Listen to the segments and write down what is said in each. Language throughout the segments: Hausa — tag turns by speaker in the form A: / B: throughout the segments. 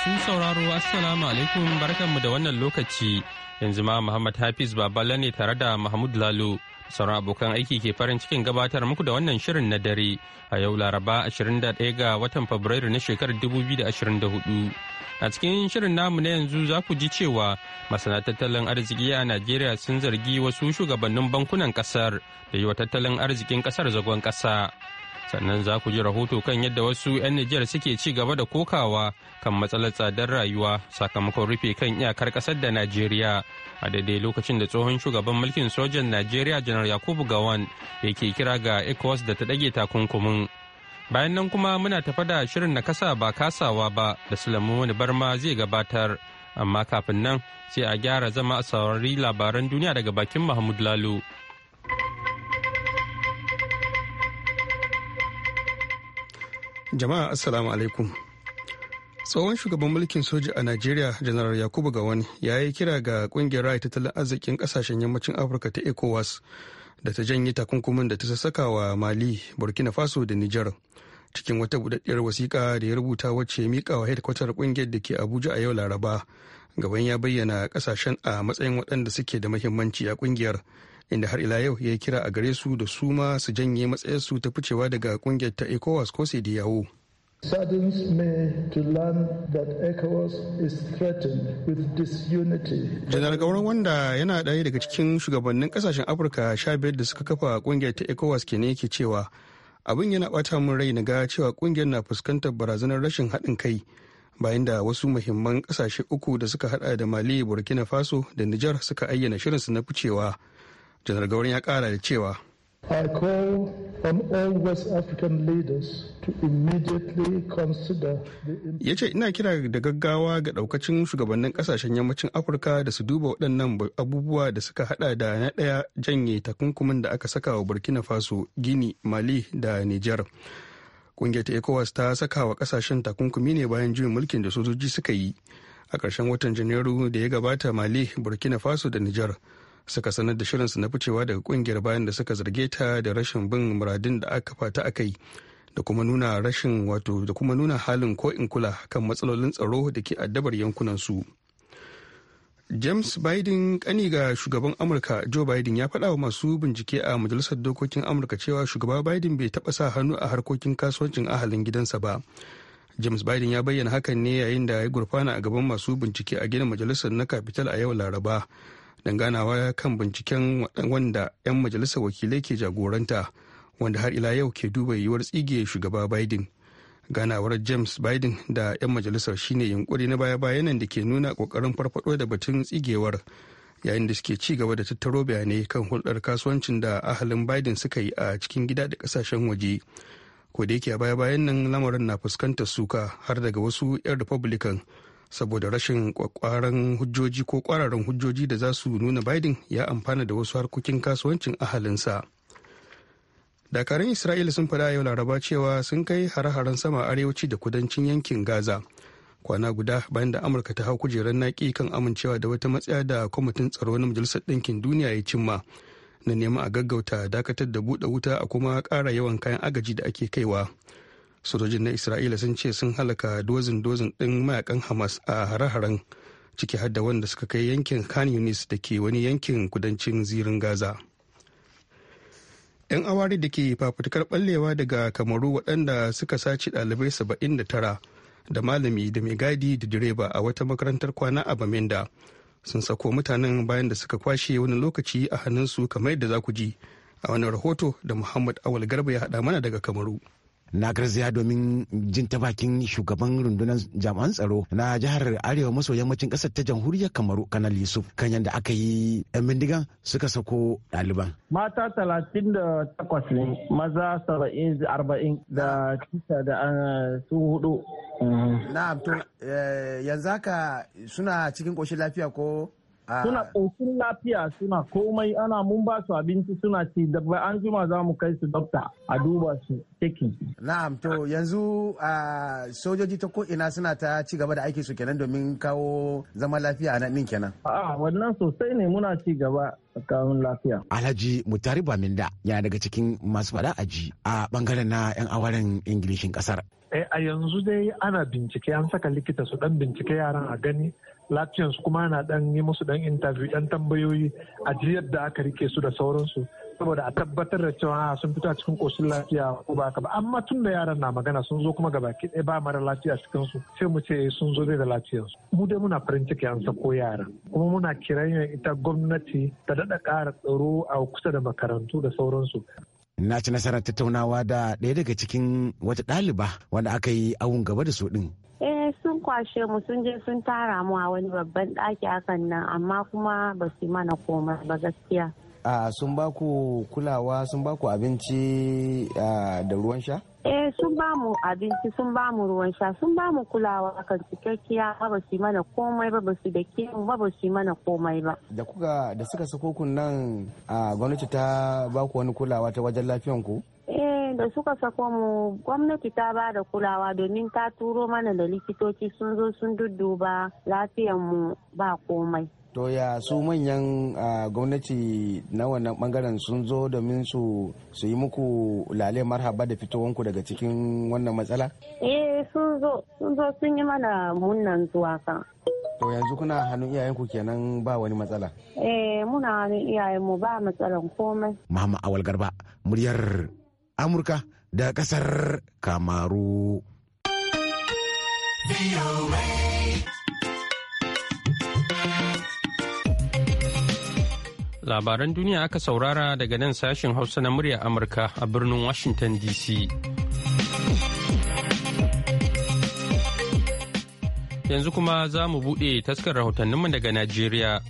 A: Masu sauraro Assalamu alaikum barkanmu da wannan lokaci yanzu ma Muhammad Hafiz Babala ne tare da Mahmud Lalo sauran abokan aiki ke farin cikin gabatar muku da wannan shirin na dare a yau Laraba 21 ga watan Fabrairu na shekarar 2024. A cikin shirin namu na yanzu za ku ji cewa masana tattalin arziki a Najeriya sun zargi wasu shugabannin bankunan kasar da yi wa tattalin arzikin kasar zagon kasa. sannan za ku ji rahoto kan yadda wasu 'yan Nijar suke ci gaba da kokawa kan matsalar tsadar rayuwa sakamakon rufe kan iyakar ƙasar da Najeriya a daidai lokacin da tsohon shugaban mulkin sojan Najeriya janar Yakubu Gawan yake kira ga ECOWAS da ta ɗage takunkumin. Bayan nan kuma muna tafa da shirin na kasa ba kasawa ba da Sulaimu wani barma zai gabatar amma kafin nan sai a gyara zama a saurari labaran duniya daga bakin Mahmud Lalo.
B: Jama'a Assalamu alaikum. Tsohon shugaban mulkin soja a Najeriya, Janar Yakubu gawan ya yi kira ga kungiyar raya tattalin arzikin ƙasashen yammacin Afirka ta ECOWAS da ta janye takunkumin da ta sassaka wa Mali, Burkina Faso da Nijar. Cikin wata budaddiyar wasiƙa da ya rubuta wacce mika wa hedkwatar kungiyar da ke Abuja a yau Laraba, gaban ya bayyana ƙasashen a matsayin waɗanda suke da muhimmanci a ƙungiyar. inda har ila yau ya yi kira a gare su da su ma su janye matsayarsu ta ficewa daga kungiyar ta ecowas ko sai yawo
C: saddens me to learn
D: that ECOWAS is threatened with disunity.
B: Janar Gauran wanda yana ɗaya daga cikin shugabannin kasashen Afirka sha biyar da suka kafa kungiyar ta ECOWAS ke ne yake cewa abin yana ɓata min rai na ga cewa kungiyar na fuskantar barazanar rashin haɗin kai bayan da wasu muhimman kasashe uku da suka hada da Mali, Burkina Faso da Nijar suka ayyana shirinsu na ficewa janar gaurin ya kara da cewa
D: I call on all
B: Ya ce ina kira da gaggawa ga daukacin shugabannin kasashen yammacin Afirka da su duba waɗannan abubuwa da suka hada da na ɗaya janye takunkumin da aka saka wa Burkina Faso, Gini, Mali da Nijar. Kungiyar ta ECOWAS ta saka wa kasashen takunkumi ne bayan juyin mulkin da sojoji suka yi a ƙarshen watan Janairu da ya gabata Mali, Burkina Faso da Nijar. suka sanar da shirinsu na ficewa daga kungiyar bayan da suka zarge ta da rashin bin muradin da aka fata aka yi da kuma nuna rashin wato da kuma nuna halin ko in kula kan matsalolin tsaro da ke addabar yankunan su james biden kani ga shugaban amurka joe biden ya faɗa wa masu bincike a majalisar dokokin amurka cewa shugaba biden bai taɓa sa hannu a harkokin kasuwancin ahalin gidansa ba james biden ya bayyana hakan ne yayin da ya gurfana a gaban masu bincike a gidan majalisar na capital a yau laraba danganawa kan binciken wanda 'yan majalisar wakilai ke jagoranta wanda har ila yau ke duba yiwuwar tsige shugaba biden ganawar james biden da 'yan majalisar shine yunkuri na baya-bayan da ke nuna kokarin farfado da batun tsigewar yayin da suke ci gaba da tattaro bayanai kan hulɗar kasuwancin da ahalin biden suka yi a cikin gida da kasashen waje ko da yake a baya-bayan nan lamarin na fuskantar suka har daga wasu 'yan republican saboda rashin kwakwaran hujjoji ko kwararan hujjoji da za su nuna biden ya amfana da wasu harkokin kasuwancin ahalinsa dakarun isra'ila sun faɗa yau laraba cewa sun kai hare-haren sama arewaci da kudancin yankin gaza kwana guda bayan da amurka ta hau kujerar naki kan amincewa da wata matsaya da kwamitin tsaro na majalisar ɗinkin duniya ya cimma na neman a gaggauta dakatar da buɗe wuta a kuma ƙara yawan kayan agaji da ake kaiwa sojojin na isra'ila sun ce sun halaka dozin dozin ɗin mayakan hamas a hare-haren ciki har da wanda suka kai yankin khan yunis da ke wani yankin kudancin zirin gaza yan awari da ke fafutukar ɓallewa daga kamaru waɗanda suka sace ɗalibai tara da malami da mai gadi da direba a wata makarantar kwana a baminda sun sako mutanen bayan da suka kwashe wani lokaci a hannunsu kamar yadda za ku ji a wani rahoto da muhammad awal garba ya haɗa mana daga kamaru na garzaya domin jin ta bakin shugaban rundunar jami'an tsaro
E: na jihar arewa maso yammacin kasar ta jamhuriyar kamaru kanal yusuf kan yadda aka yi yan bindigan suka sako ɗaliban.
F: mata talatin da takwas ne maza saba'in da arba'in da tisa da eh, su hudu. na to
G: eh, yanzu haka suna cikin ƙoshin lafiya ko suna ƙoƙin lafiya suna komai ana mun ba su abinci suna ci da an jima za mu kai su dokta a duba su ciki. Na'am to yanzu sojoji ta ko ina suna ta ci gaba da aiki su kenan domin kawo zama lafiya a nan kenan. A'a wannan
H: sosai ne muna ci gaba
E: kawun lafiya. Alhaji Mutari Baminda ya daga cikin masu faɗa aji a bangaren na 'yan awaren Ingilishin kasar.
C: Eh, a yanzu dai ana bincike an saka likita su dan bincike yaran a gani Latins kuma na dan yi musu dan interview dan tambayoyi a jiyar da aka rike su da sauransu saboda a tabbatar da cewa sun fito a cikin koshin lafiya ko ba ka ba amma tun da yaran na magana sun zo kuma ga baki ɗaya ba mara lafiya cikin su sai mu ce eh sun zo da su mu dai muna farin ciki an sako yara kuma muna kiran ita gwamnati ta dada ƙara tsaro a kusa da makarantu da sauransu
E: na ci nasarar tattaunawa da ɗaya daga cikin wata ɗaliba wanda aka yi awun gaba da su ɗin.
I: Eh, kwashe mu sun je sun tara mu a wani babban ɗaki hakan nan amma kuma ba su mana komai ba gaskiya.
G: sun ba ku kulawa sun ba ku abinci da ruwan sha?
I: Eh sun ba mu abinci sun ba mu ruwan sha sun ba mu kulawa kan cikakkiya ba su mana komai ba ba su da ke ba ba su mana komai ba. Da kuka da suka
G: sako kun nan a gwamnati ta ba ku wani kulawa ta wajen lafiyan ku?
I: Eh da suka sako mu gwamnati ta ba da kulawa domin ta turo mana da likitoci sun zo sun dudduba lafiyan mu ba komai.
G: to ya su manyan gwamnati na wannan bangaren sun zo domin su su yi muku lale marhaba da fitowanku daga cikin wannan matsala?
I: eh sun zo sun zo sun yi mana munnan zuwa kan
G: to yanzu kuna hannun iyayenku kenan ba wani matsala
I: eh muna hannun iyayenmu ba matsalan komai
G: mama awal garba
E: muryar amurka da kasar kamaru
A: Labaran duniya aka saurara daga nan sashen Hausa na murya Amurka a birnin Washington DC. Yanzu kuma za mu buɗe taskar rahotanninmu daga Najeriya.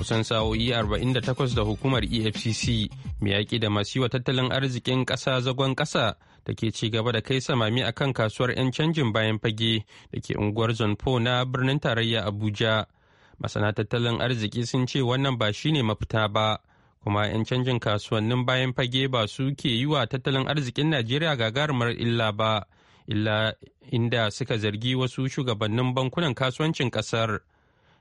A: kusan sa'o'i 48 da hukumar efcc mai yaƙi da masu wa tattalin arzikin ƙasa zagon ƙasa da ke ci gaba da kai samami a kan kasuwar 'yan canjin bayan fage da ke unguwar zonfo na birnin tarayya abuja masana tattalin arziki sun ce wannan ba shine mafita ba kuma 'yan canjin kasuwannin bayan fage ba su ke yi wa tattalin arzikin najeriya gagarumar illa ba illa inda suka zargi wasu shugabannin bankunan kasuwancin kasar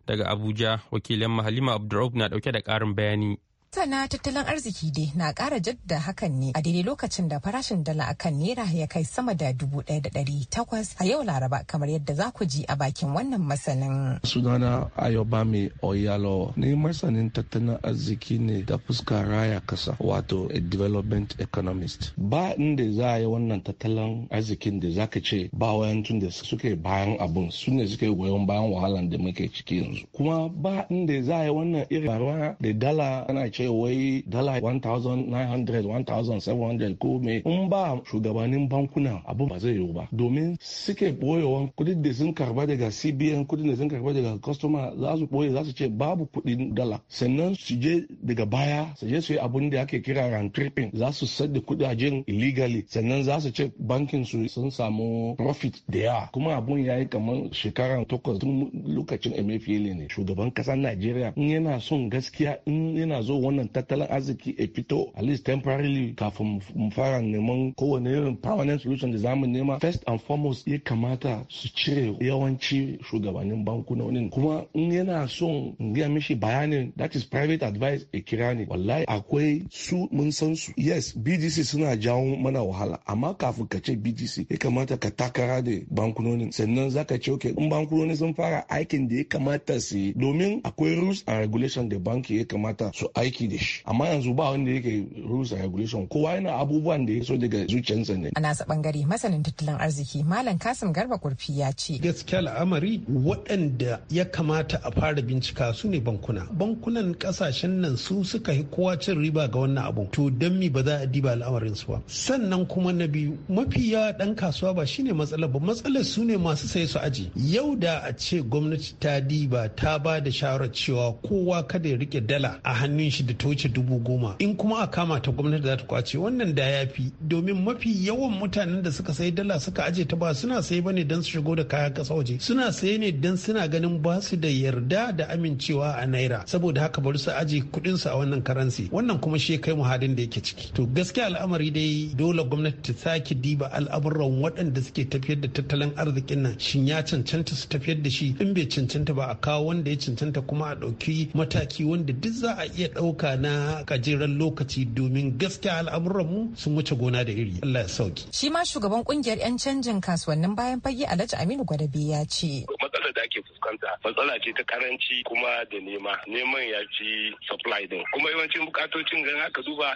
A: daga abuja wakilin mahalima abdurraub na dauke da karin bayani
J: Sana tattalin arziki dai na kara jadda hakan ne a daidai lokacin da farashin dala akan naira ya kai sama da dubu ɗaya da ɗari takwas a yau laraba kamar yadda za ku ji a bakin wannan masanin.
D: Sunana Ayobami Oyalo ni masanin tattalin arziki ne da fuska raya kasa wato a development economist. Ba inda za a yi wannan tattalin arzikin da za ka ce ba wayancin da suke bayan abun su ne suke goyon bayan wahalan da muke ciki yanzu. Kuma ba inda za a yi wannan irin da dala ana ce wai dala 1900 1700 ko me in ba shugabannin bankuna abu ba zai yiwu ba domin suke boyewan kudi da sun karba daga cbn kudi da sun karba daga customer za su boye za su ce babu kudin dala sannan su je daga baya su je su yi abun da ake kira round tripping za su sadda kudajen illegally sannan za su ce bankin su sun samu profit da yawa kuma abun yayi kamar shekara takwas tun lokacin emefiele ne shugaban kasar nigeria. in yana son gaskiya in yana zo wannan tattalin arziki a fito at least temporarily kafin mu fara neman kowane irin permanent solution da zamu nema first and foremost ya kamata su cire yawanci shugabannin bankunonin kuma in yana son in gaya mishi bayanin that is private advice a kira ne wallahi akwai su mun san su yes bdc suna jawo mana wahala amma kafin ka ce bdc ya kamata ka takara da bankunonin sannan zaka ce okay in bankunoni sun fara aikin da ya kamata su yi domin akwai rules and regulation da banki ya kamata su aiki aiki da shi amma yanzu ba wanda yake rules and regulation kowa yana abubuwan da ya so daga zuciyarsa ne
J: a nasa bangare masanin tattalin arziki malam kasim garba kurfi ya ce gaskiya al'amari
E: waɗanda ya kamata a fara bincika su ne bankuna bankunan kasashen nan su suka yi kowa cin riba ga wannan abu to don mi ba za a diba al'amarin su ba sannan kuma na biyu mafi yawa ɗan kasuwa ba shine matsalar ba matsalar su ne masu saye su aji yau da a ce gwamnati ta diba ta ba da shawarar cewa kowa kada ya rike dala a hannun shi da ta dubu goma in kuma a kama ta gwamnati za ta kwace wannan da ya fi domin mafi yawan mutanen da suka sayi dala suka aje ta ba suna sayi bane don su shigo da kaya kasa waje suna sayi ne don suna ganin ba su da yarda da amincewa a naira saboda haka bari su aje kuɗin su a wannan karansi wannan kuma shi kai mu hadin da yake ciki to gaskiya al'amari dai dole gwamnati ta sake diba al'amuran waɗanda suke tafiyar da tattalin arzikin nan shin ya cancanta su tafiyar da shi in bai cancanta ba a kawo wanda ya cancanta kuma a ɗauki mataki wanda duk za a iya ɗauka ayyuka na gajeren lokaci domin gaskiya al'amuranmu sun wuce gona da iri Allah ya sauki.
J: Shi ma shugaban kungiyar 'yan canjin kasuwannin bayan fage Alhaji Aminu Gwadabe ya ce.
D: Matsalar da ake fuskanta matsala ce ta karanci kuma da nema neman ya ci supply din kuma yawancin bukatocin gan haka duba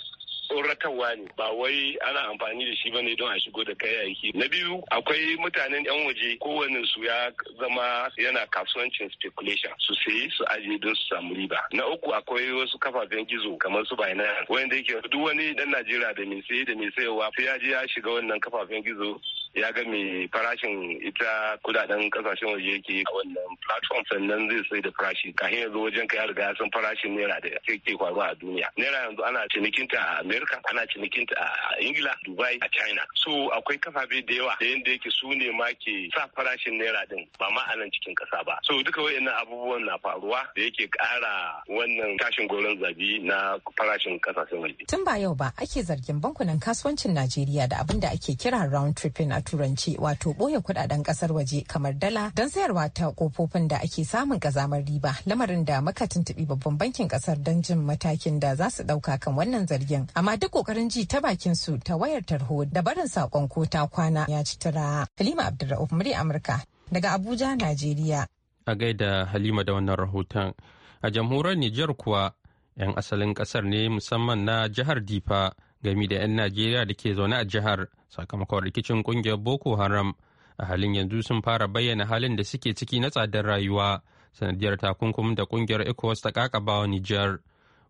D: tsoratarwa ne ba wai ana amfani da shi ba ne don a shigo da kayayyaki na biyu akwai mutanen yan waje kowane su ya zama yana kasuwancin speculation su sayi su ajiye don su samu riba na uku akwai wasu kafafen gizo kamar su Binance wanda yake duk wani dan Najeriya da mai saye da mai sayarwa sai ya je ya shiga wannan kafafen gizo ya ga mai farashin ita kudaden kasashen waje yake a wannan platform sannan zai sai da farashi kafin hanyar wajen ka ya riga sun farashin naira da yake faruwa a duniya naira yanzu ana cinikinta a america ana cinikinta a ingila dubai a china so akwai kafafe da yawa da yanda yake su ne ma ke sa farashin naira din ba ma a nan cikin kasa ba so duka wayannan abubuwan na faruwa da yake kara
J: wannan tashin goron zabi na farashin kasashen waje tun ba yau ba ake zargin bankunan kasuwancin najeriya da abin da ake kira round tripping turance wato boye kudaden kasar waje kamar dala don sayarwa ta kofofin da ake samun kazamar riba lamarin da muka tuntubi babban bankin kasar don jin matakin da za su dauka kan wannan zargin amma duk kokarin ji ta bakin su ta wayar tarho da barin sakon ko ta kwana ya ci tara. halima abdulra'uf murya amurka daga abuja najeriya
A: a gaida halima da wannan rahoton a jamhuriyar nijar kuwa 'yan asalin kasar ne musamman na jihar difa gami da 'yan najeriya da ke zaune a jihar sakamakon rikicin kungiyar boko haram a halin yanzu sun fara bayyana halin da suke ciki na tsadar rayuwa sanadiyar takunkum da kungiyar ecowas ta kakabawa nijar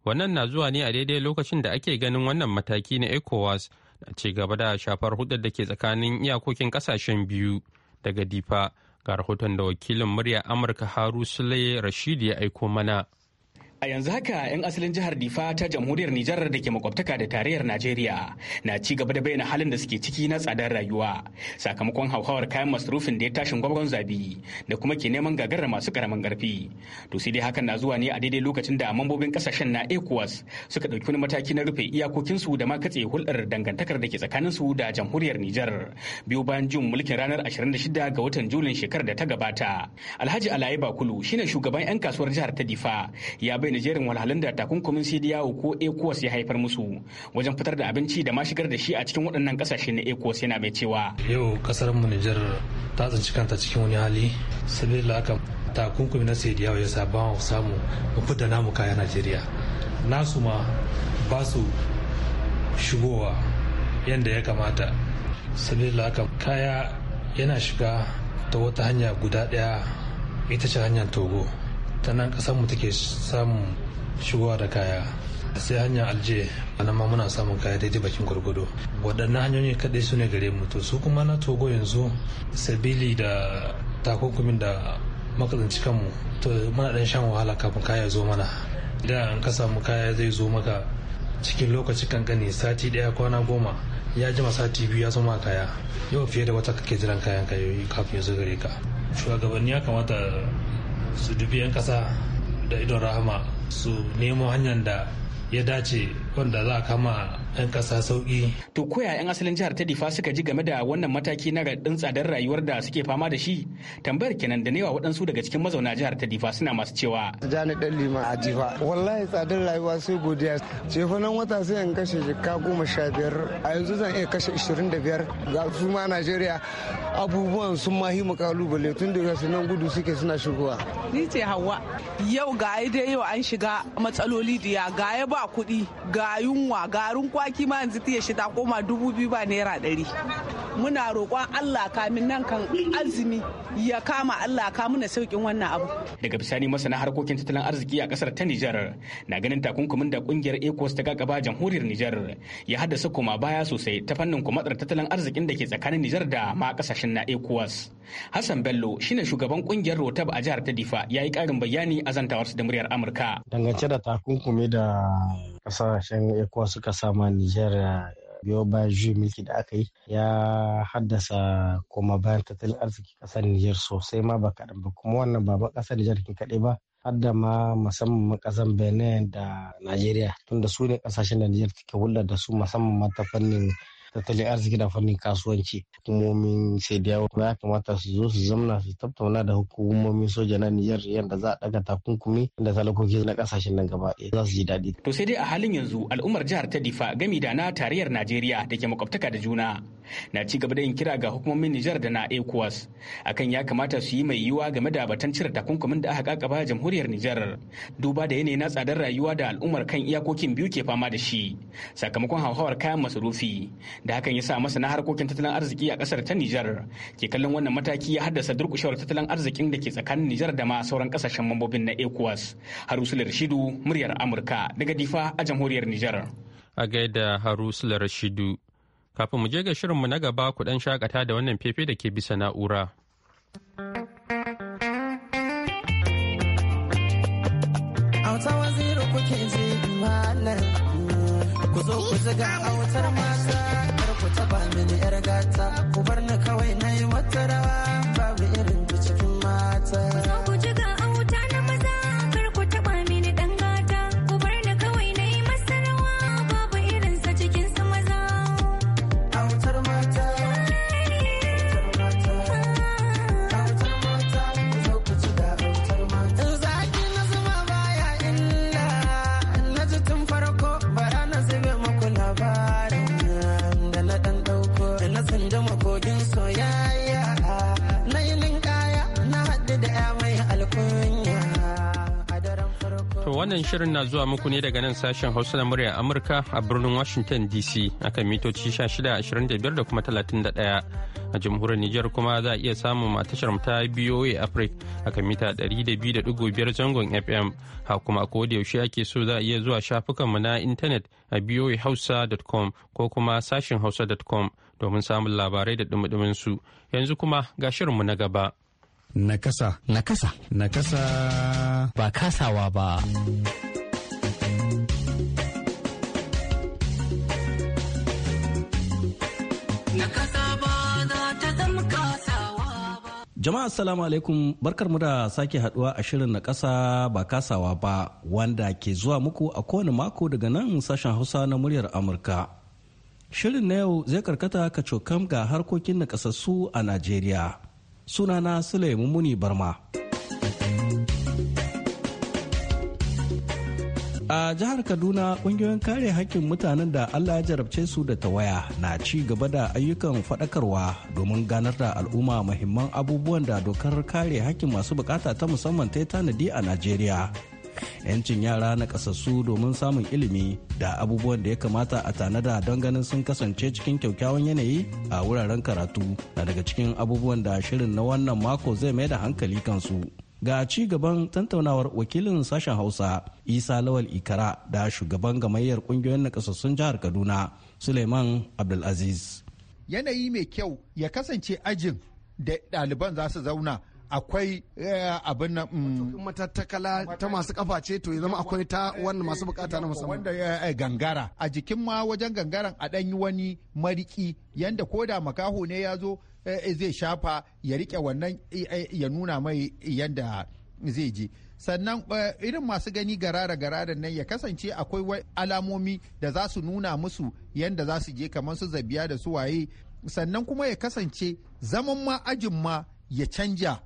A: wannan na zuwa ne a daidai lokacin da ake ganin wannan mataki na ecowas na ci gaba da shafar hudar da ke tsakanin iyakokin kasashen biyu daga difa ga rahoton da wakilin murya amurka haru sule rashidi ya aiko mana
K: A yanzu haka 'yan asalin jihar Difa ta jamhuriyar Nijar da ke makwabtaka da tarayyar Najeriya na ci gaba da bayyana halin da suke ciki na tsadar rayuwa sakamakon hauhawar kayan masarufin da ya tashin gwamnatin zabi da kuma ke neman gagarar masu karamin karfi. To sai dai hakan na zuwa ne a daidai lokacin da mambobin kasashen na ECOWAS suka ɗauki wani mataki na rufe iyakokinsu da ma katse hulɗar dangantakar da ke tsakaninsu da jamhuriyar Nijar biyu bayan jin mulkin ranar ashirin da 26 ga watan Julin shekarar da ta gabata. Alhaji Alaye Bakulu shine shugaban 'yan kasuwar jihar ta Difa ya bayyana jerin walhalun da takunkumin cdao ko ecowas ya haifar musu wajen fitar da abinci da ma shigar da shi a cikin waɗannan ƙasashe na ecowas yana mai cewa
C: yau ƙasar mu nijar ta tsinci kanta cikin wani hali sabila haka takunkumi na cdao ya sa ba mu samu mu fita namu kaya najeriya nasu ma ba su shigowa yadda ya kamata sabila haka kaya yana shiga ta wata hanya guda ɗaya ita ce hanyar togo ta nan mu take samun shigowa da kaya sai hanyar alje nan ma muna samun kaya daidai bakin gwargwado waɗannan hanyoyi kaɗai su ne gare mu to su kuma na togo yanzu sabili da takunkumin da makazanci kanmu to muna ɗan shan wahala kafin kaya zo mana da an ka samu kaya zai zo maka cikin lokaci kankani sati ɗaya kwana goma ya jima sati biyu ya zama kaya yau fiye da wata kake jiran kayan kayoyi kafin ya zo gare ka shugabanni ya kamata su dubi 'yan ƙasa da idon rahama su nemo hanyar da ya dace wanda za a kama 'yan kasa sauki.
K: To koya 'yan asalin jihar ta Difa suka ji game da wannan mataki na raɗin tsadar rayuwar da suke fama da shi? Tambayar kenan da newa waɗansu daga cikin mazauna jihar ta Difa suna masu cewa.
E: Jani ɗan lima a Difa. Wallahi tsadar rayuwa sai godiya. Cefa nan wata sai in kashe jikka goma sha biyar. A yanzu zan iya kashe ishirin da biyar. Ga su ma Najeriya abubuwan sun mahi kalubale tun daga su gudu suke suna
J: shigowa. Ni ce Hauwa. Yau ga dai yau an shiga matsaloli diya ga ya ba kuɗi ga ga yunwa garin kwaki ma yanzu tiya shi ta koma dubu biyu ba naira ɗari muna roƙon Allah kamin nan kan azumi ya kama Allah ka muna sauƙin
I: wannan abu.
K: Daga bisani masana harkokin tattalin arziki a ƙasar ta Nijar na ganin takunkumin da ƙungiyar ECOWAS ta gaba jamhuriyar Nijar ya haddasa koma baya sosai ta fannin kumatsar tattalin arzikin da ke tsakanin Nijar da ma ƙasashen na ECOWAS. Hassan Bello shine shugaban ƙungiyar Rotab a jihar ta Difa ya yi ƙarin bayani a zantawarsa da muryar Amurka.
H: Dangance da takunkumi da ƙasashen ECOWAS suka sama Nijar biyo bayan milki mulki da aka yi ya haddasa koma bayan tattalin arziki kasar Nijar sosai ma ba kaɗan ba kuma wannan ba kasar Nijar kin kaɗai ba har da ma musamman ƙasar Benin da Najeriya tunda su ne ƙasashen da Nijar take hulɗa da su musamman ma ta fannin tattalin arziki da fannin kasuwanci hukumomin sai da ya kamata su zo su zamna su tattauna da hukumomin soja na Nijar yadda za a daga takunkumi da talakoki na kasashen nan gaba za su ji daɗi. To
K: sai dai a halin yanzu al'ummar jihar ta Difa gami da na tarayyar Najeriya da ke makwabtaka da juna na ci gaba da yin kira ga hukumomin Nijar da na ECOWAS akan ya kamata su yi mai yiwuwa game da batun cire takunkumin da aka kakaba jamhuriyar Nijar duba da yanayi na tsadar rayuwa da al'ummar kan iyakokin biyu ke fama da shi sakamakon hauhawar kayan masarufi da hakan ya sa masana harkokin tattalin arziki a kasar ta Nijar ke kallon wannan mataki ya haddasa durkushewar tattalin arzikin da ke tsakanin Nijar da ma sauran kasashen mambobin na ECOWAS Harusul Rashidu muryar Amurka daga Difa a jamhuriyar Nijar
A: a gaida Harusula Rashidu Kafin mu je ga shirinmu na gaba ku ɗan shakata da wannan fefe da ke bisa na'ura.
H: Auta waziri kuke zo ku autar mata kar ku taba mini yar gata ku bar ni kawai na yi wata rawa babu irin cikin mata.
A: wannan shirin na zuwa muku ne daga nan sashen Hausa na muryar Amurka a birnin Washington DC akan mitoci 1625 da kuma 31 a jamhuriyar Nijar kuma za a iya samun a tashar ta BOA Africa akan mita 200.5 zangon FM ha kuma ko da yaushe ake so za a iya zuwa shafukanmu na intanet a boahausa.com ko kuma sashen hausa.com domin samun labarai da dumudumin su yanzu kuma ga shirinmu na gaba.
B: Nakasa. Nakasa. Nakasa. Ba kasawa ba.
H: Jama'a salamu alaikum barkarmu da sake haduwa a shirin na kasa ba kasawa ba wanda ke zuwa muku a kowane mako daga nan sashen hausa na muryar Amurka. Shirin na yau zai karkata ka cokam ga harkokin na a Najeriya. sunana Sulaimu Muni Barma. A jihar Kaduna ƙungiyoyin kare hakkin mutanen da Allah ya jarabce su da tawaya na ci gaba da ayyukan faɗakarwa domin ganar da al'umma mahimman abubuwan da dokar kare hakkin masu bukata ta musamman ta tanadi a Najeriya. 'yancin yara na kasassu domin samun ilimi da abubuwan da ya kamata a tanada don ganin sun kasance cikin kyaukyawan yanayi a wuraren karatu na daga cikin abubuwan da shirin na wannan mako zai mai da hankali kansu ga ci gaban tantaunawar wakilin sashen hausa isa lawal ikara da shugaban gamayyar kungiyoyin kasassun jihar kaduna suleiman abdulaziz
G: yanayi mai kyau ya kasance ajin da ɗaliban za su zauna akwai eh, abin na mm, matattakala ta masu kafa ce to ya zama akwai ta wanda masu bukata na musamman wanda eh, eh, gangara a jikin ma wajen gangaran a ɗan wani mariki yanda da makaho ne ya zo zai shafa ya rike wannan ya nuna mai yanda zai je sannan irin masu gani garara garara nan ya kasance akwai alamomi da za su nuna musu yanda za su je kamar su zabiya da su waye sannan kuma ya kasance zaman ma ajin ma ya canja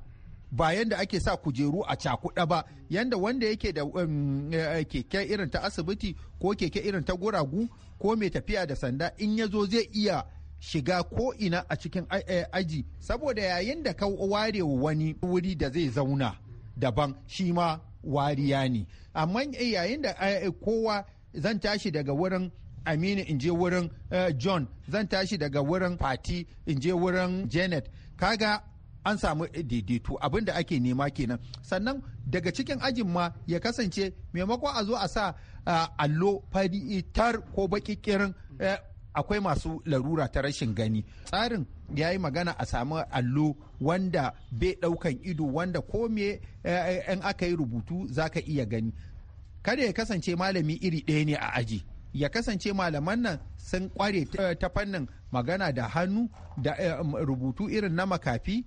G: ba yanda ake sa kujeru a cakuɗa ba yanda wanda yake da um, eh, keke irin ta asibiti ko keke irin ta guragu ko mai tafiya da sanda in ya zo zai iya shiga ko ina a cikin eh, aji saboda yayin da ka ware wani wuri da zai zauna daban shi ma wariya ne amma eh, yayin da kowa zan tashi daga wurin aminu in je wurin john zan tashi daga wurin fati in je wurin janet kaga an samu daidaito abin da ake nema kenan sannan daga cikin ajin ma ya kasance maimakon a zo a sa allo fadi eh, tar ko bakikirin eh, akwai masu larura ta rashin gani tsarin ya yi magana a samu allo wanda bai ɗaukan ido wanda ko me eh, in aka yi rubutu za ka iya gani kada ya kasance malami iri ɗaya ne a aji ya kasance malaman nan sun kware ta fannin magana da hannu da rubutu irin na makafi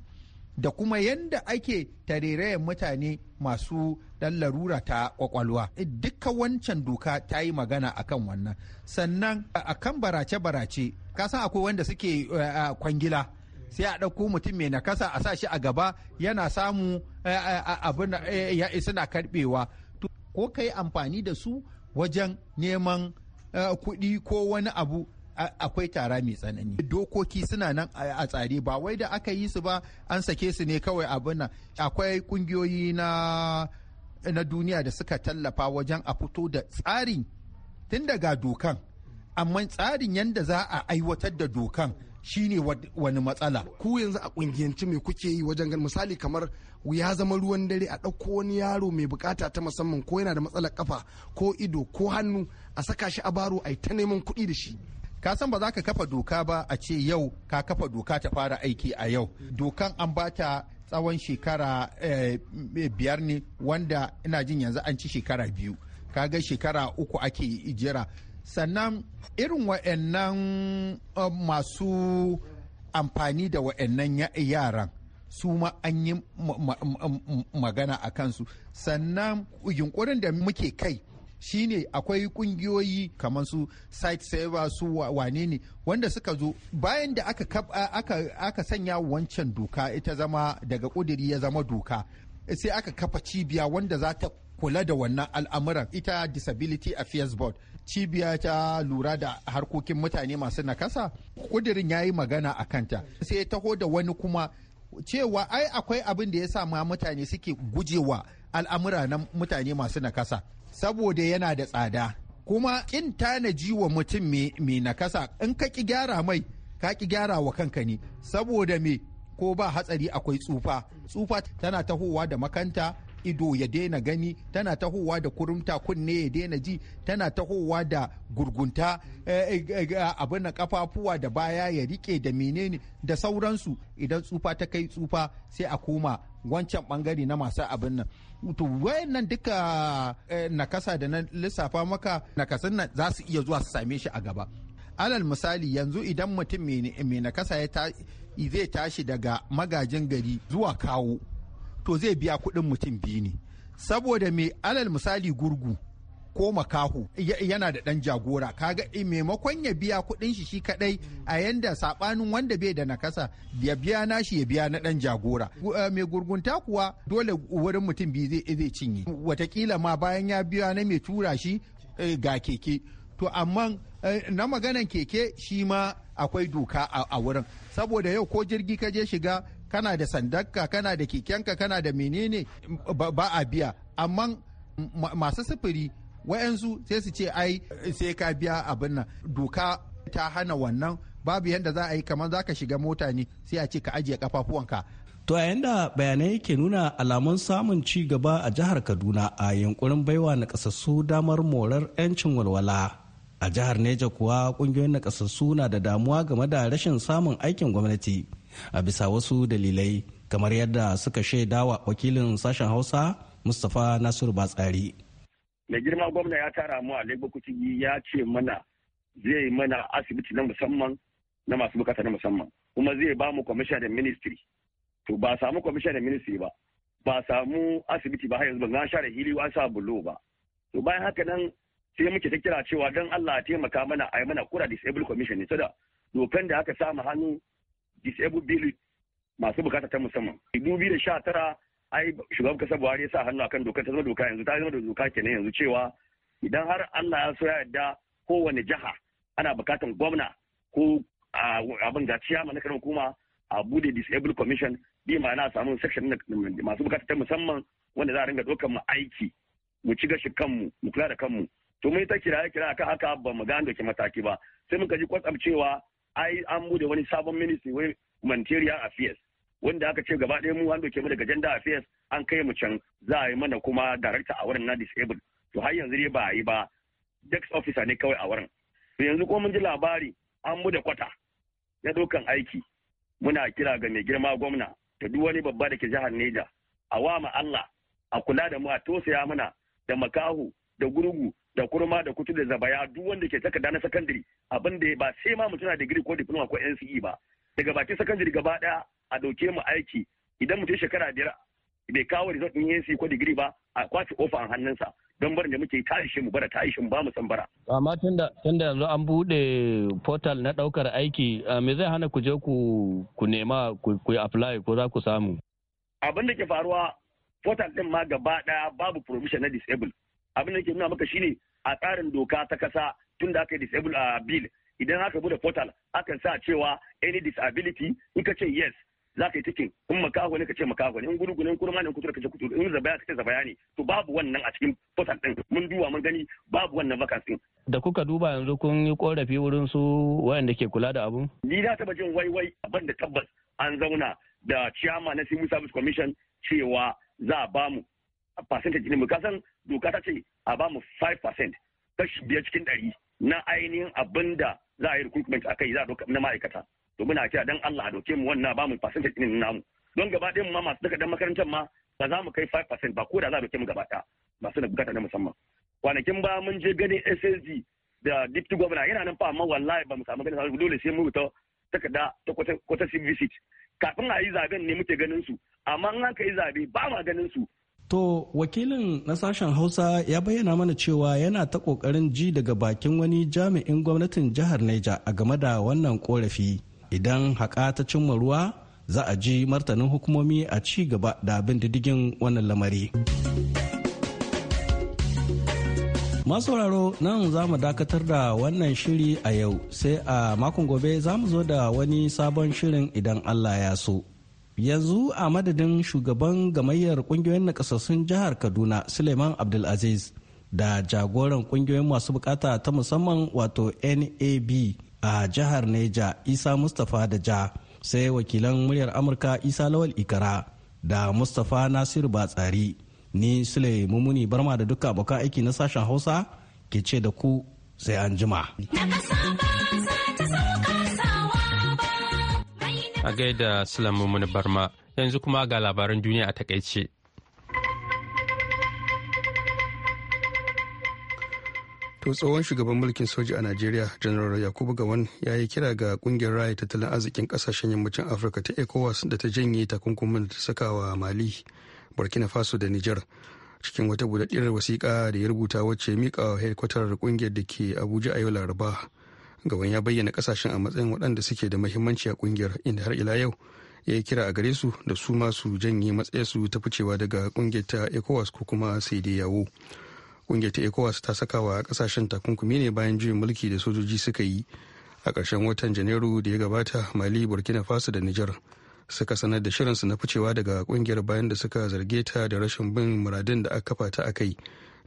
G: da kuma yadda ake tarerayen mutane masu ɗan larura ta kwakwalwa eh, dukkan wancan doka ta yi magana akan wannan sannan akan barace-barace kasan akwai wanda suke eh, kwangila sai a ɗauko mutum mai nakasa a sa shi a gaba yana samu eh, abin ya suna karɓewa ko ka yi amfani da su wajen neman kuɗi ko wani abu akwai tara mai tsanani dokoki suna nan a tsare ba wai da aka yi su ba an sake su ne kawai abin nan akwai kungiyoyi na duniya da suka tallafa wajen a fito da tsari tun daga dokan amma tsarin yadda za a aiwatar da dokan shine wani matsala ku yanzu a kungiyanci mai kuke yi wajen gan misali kamar ya zama ruwan dare a ɗauko wani yaro mai bukata ta musamman ko yana da matsalar kafa ko ido ko hannu a saka shi a baro a ta neman kuɗi da shi ka san ba za ka kafa doka ba a ce yau ka kafa doka ta fara aiki a yau dokan an bata tsawon shekara eh, biyar ne wanda ina jin yanzu an ci shekara biyu ka ga shekara uku ake jira sannan irin wa'annan eh, masu amfani da wa'annan yaran su ma an yi magana a kansu sannan yunkurin da muke kai shine akwai kungiyoyi kamar su site saver su wane ne wanda suka zo bayan da aka, aka, aka sanya wancan doka ita zama daga kudiri ya zama doka sai aka kafa cibiya wanda za ta kula da wannan al'amuran ita disability affairs board cibiya ta lura da harkokin mutane masu nakasa kudirin ya yi magana a kanta sai ya taho da wani kuma cewa ai akwai abin da ya sa ma mutane suke gujewa al'amura na mutane masu nakasa saboda yana da tsada kuma kin tanaji wa mutum mai nakasa in ka ki gyara mai ka ki gyara wa kanka ne saboda me ko ba hatsari akwai tsufa tsufa tana tahowa da makanta ido ya daina gani tana tahowa da kurumta kunne ya daina ji tana tahowa da gurgunta eh, eh, eh, abin na kafafuwa da baya ya rike da menene da sauransu idan tsufa ta kai tsufa sai a koma wancan bangare na masu abin nan to wayannan duka nakasa da na lissafa maka nakasun nan za su iya zuwa su same shi a gaba alal misali yanzu idan mutum mai nakasa zai tashi daga magajin gari zuwa kawo to zai biya kuɗin mutum biyu ne saboda mai alal misali gurgu ko makaho yana da ɗan jagora kaga eh, maimakon ya biya kuɗin shi shi kaɗai a yanda saɓanin wanda bai da nakasa ya biya nashi ya biya na ɗan jagora eh, mai gurgunta kuwa dole wurin mutum biyu zai cinye watakila ma bayan ya biya na mai tura shi eh, ga keke to amma na maganan keke shi ma akwai doka a wurin saboda yau ko jirgi ka je shiga kana da sandarka kana da kekenka kana da menene ba a biya amma masu sufuri wayansu sai su ce ai sai ka biya abin nan doka ta hana wannan babu yadda za a yi kamar za ka shiga mota ne sai a ce ka ajiye kafafuwanka
H: To a yanda bayanai ke nuna alamun samun ci gaba a jihar Kaduna a yankurin baiwa na kasassu damar morar 'yancin walwala. A jihar Neja kuwa kungiyoyin na kasassu na da damuwa game da rashin samun aikin gwamnati. a bisa wasu dalilai kamar yadda suka shaida wa wakilin sashen hausa mustapha nasiru batsari
F: mai girma gwamna ya tara mu a lagos ya ce mana zai mana asibiti na musamman na masu bukata na musamman kuma zai ba mu da ministry to ba samu da ministry ba ba samu asibiti ba har yanzu ban sha da hili an sa bulo ba to bayan haka nan sai muke ta kira cewa don Allah ya taimaka mana a yi mana kura disabled commission ne saboda dokan da aka samu hannu disabled billing masu bukata ta musamman. Dubi da sha tara ai shugaban kasa Buhari ya sa hannu akan doka ta zama doka yanzu ta zama doka kenan yanzu cewa idan har Allah ya so ya yarda kowane jiha ana bukatan gwamna ko abin ga mana na hukuma a bude disabled commission bi ma'ana samun section masu bukata ta musamman wanda za a ringa dokar mu aiki mu ci gashi kanmu mu kula da kanmu to ta kiraye kira akan haka ba mu gane doke mataki ba sai muka ji kwatsam cewa ai an bude wani sabon ministry wai humanitarian affairs wanda aka ce gaba ɗaya mu an doke mu daga gender affairs an kai mu can za a yi mana kuma director a wurin na disabled to har yanzu dai ba a yi ba dex officer ne kawai a wurin to yanzu ko mun ji labari an bude kwata na dokan aiki muna kira ga mai girma gwamna da duk wani babba da ke jihar Neja a wa ma Allah a kula da mu a tosaya mana da makahu da gurgu da kurma da kutu da zabaya duk wanda ke takarda na sakandare abin da ba sai ma mutuna na digiri ko diploma ko NCE ba daga bakin sakandare gaba daya a dauke mu aiki idan mutum shekara biyar bai kawo result din NCE ko digiri ba a kwace ofa a hannunsa don barin da muke tashi mu bara tashi mu ba mu san bara amma
K: tunda tunda yanzu an bude portal na daukar aiki me zai hana ku je ku
F: ku nema ku apply ko za ku samu abin da ke faruwa portal din ma gaba daya babu provision na disabled abin da ke nuna maka shine a tsarin doka ta kasa tun da aka yi disable a bill idan aka bude portal akan sa cewa any disability in ka ce yes za ka yi cikin in makaho ne ka ce makaho ne in gurgu ne in kurma ne in ka ce kutura in zaba ka ce zabaya ne to babu wannan a cikin portal din mun duba mun gani babu wannan vacancy
K: da kuka duba yanzu kun yi korafi wurin su wayanda ke kula da abun.
F: ni na taba jin wai wai banda da tabbas an zauna da chairman na civil service commission cewa za a bamu percentage ne mu kasan doka ta ce a ba mu 5% kashi biyar cikin ɗari na ainihin abin da za a yi recruitment a kai za a doka na ma'aikata to muna kira dan Allah a doke mu wannan ba mu percentage ɗin namu don gaba ɗin ma masu takardar makarantar ma ba za mu kai 5% ba ko da za a doke mu gaba ɗaya masu da bukata na musamman kwanakin ba mun je ganin SSG da deputy governor yana nan fa amma wallahi ba mu samu ganin dole sai mu ta takarda ta kwata visit kafin a yi zaben ne muke ganin su amma in aka yi zabe ba ma ganin su
H: To wakilin na sashen Hausa ya bayyana mana cewa yana ta kokarin ji daga bakin wani jami'in gwamnatin jihar Neja a game da wannan korafi. Idan haƙa ta cimma ruwa za a ji martanin hukumomi a ci gaba da bin diddigin wannan lamari. masauraro nan za mu dakatar da wannan shiri a yau sai a makon gobe za mu zo da wani sabon shirin idan Allah ya so. yanzu a madadin shugaban gamayyar kungiyoyin nakasassun jihar kaduna suleiman abdulaziz da jagoran kungiyoyin masu bukata ta musamman wato nab a jihar neja isa mustapha da ja sai wakilan muryar amurka isa lawal ikara da mustapha nasiru batsari ni sule mumuni barma da duka abokan aiki na sashen hausa ke ce da ku sai
A: an jima. a gaida Sulaiman Barma yanzu kuma ga labaran duniya a takaice.
B: To tsohon shugaban mulkin soji a Najeriya, Janar Yakubu Gawan ya yi kira ga kungiyar raya tattalin arzikin kasashen yammacin Afirka ta ECOWAS da ta janye takunkumin da ta saka wa Mali, Burkina Faso da niger Cikin wata budaddiyar wasiƙa da ya rubuta wacce mika wa hedkwatar kungiyar da ke Abuja a yau Laraba. gaban ya bayyana kasashen a matsayin waɗanda suke da mahimmanci a ƙungiyar inda har ila yau ya yi kira a gare su da su masu janye matsayarsu ta ficewa daga kungiyar ta ecowas ko kuma sai dai yawo kungiyar ta ecowas ta saka wa kasashen takunkumi ne bayan juyin mulki da sojoji suka yi a ƙarshen watan janairu da ya gabata mali burkina faso da nijar suka sanar da shirinsu na ficewa daga ƙungiyar bayan da suka zarge ta da rashin bin muradin da aka kafa ta akai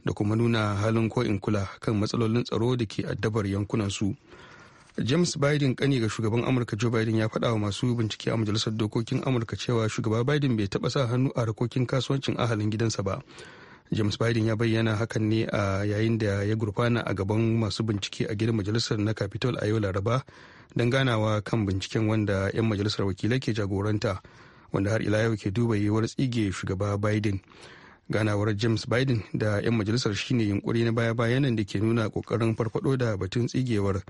B: da kuma nuna halin koin kula kan matsalolin tsaro da ke addabar yankunansu james biden kani ga shugaban amurka joe biden ya faɗa wa masu bincike a majalisar dokokin amurka cewa shugaba biden bai taɓa sa hannu a harkokin kasuwancin ahalin gidansa ba james biden ya bayyana hakan ne a yayin da ya gurfana a gaban masu bincike a gidan majalisar na capitol a yau laraba don ganawa kan binciken wanda 'yan majalisar wakilai ke jagoranta wanda har ila yau ke duba yiwuwar tsige shugaba biden ganawar james biden da 'yan majalisar shine yunkuri na baya-bayanan da ke nuna kokarin farfado da batun tsigewar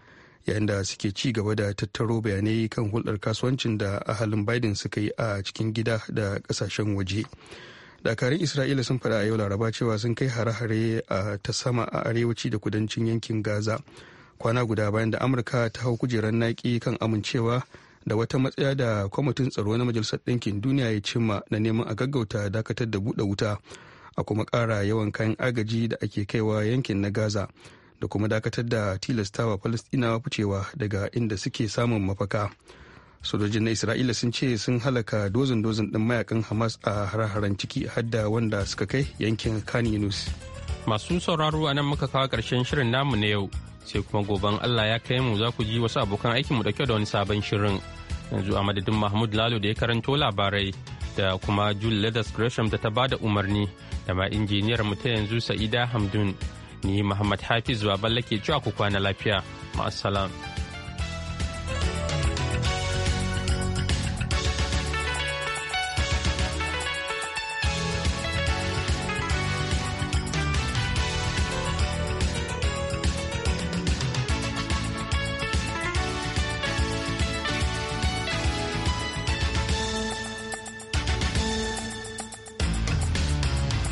B: yayin da suke ci gaba da tattaro bayanai kan hulɗar kasuwancin da ahalin biden suka yi a cikin gida da ƙasashen waje dakarun isra'ila sun faɗa a yau laraba cewa sun kai hare-hare a ta sama a arewaci da kudancin yankin gaza kwana guda bayan da amurka ta hau kujerar naki kan amincewa da wata matsaya da kwamitin tsaro na majalisar ɗinkin duniya ya cimma na neman a gaggauta dakatar da buɗe wuta a kuma ƙara yawan kayan agaji da ake kaiwa yankin na gaza da kuma dakatar da tilastawa falastinawa ficewa daga inda suke samun mafaka sojojin na isra'ila sun ce sun halaka dozin dozin ɗin mayakan hamas a hare-haren ciki hadda wanda suka kai yankin kani yunus
A: masu sauraro a nan muka kawo ƙarshen shirin namu na yau sai kuma goben allah ya kai mu za ku ji wasu abokan aikinmu da kyau da wani sabon shirin yanzu a madadin mahmud lalo da ya karanto labarai da kuma jul leathers gresham da ta ba da umarni da ma injiniyar mu ta yanzu sa'ida hamdun ni muhammad hafiz baballa ke cewa ku kwana lafiya ma'assalam.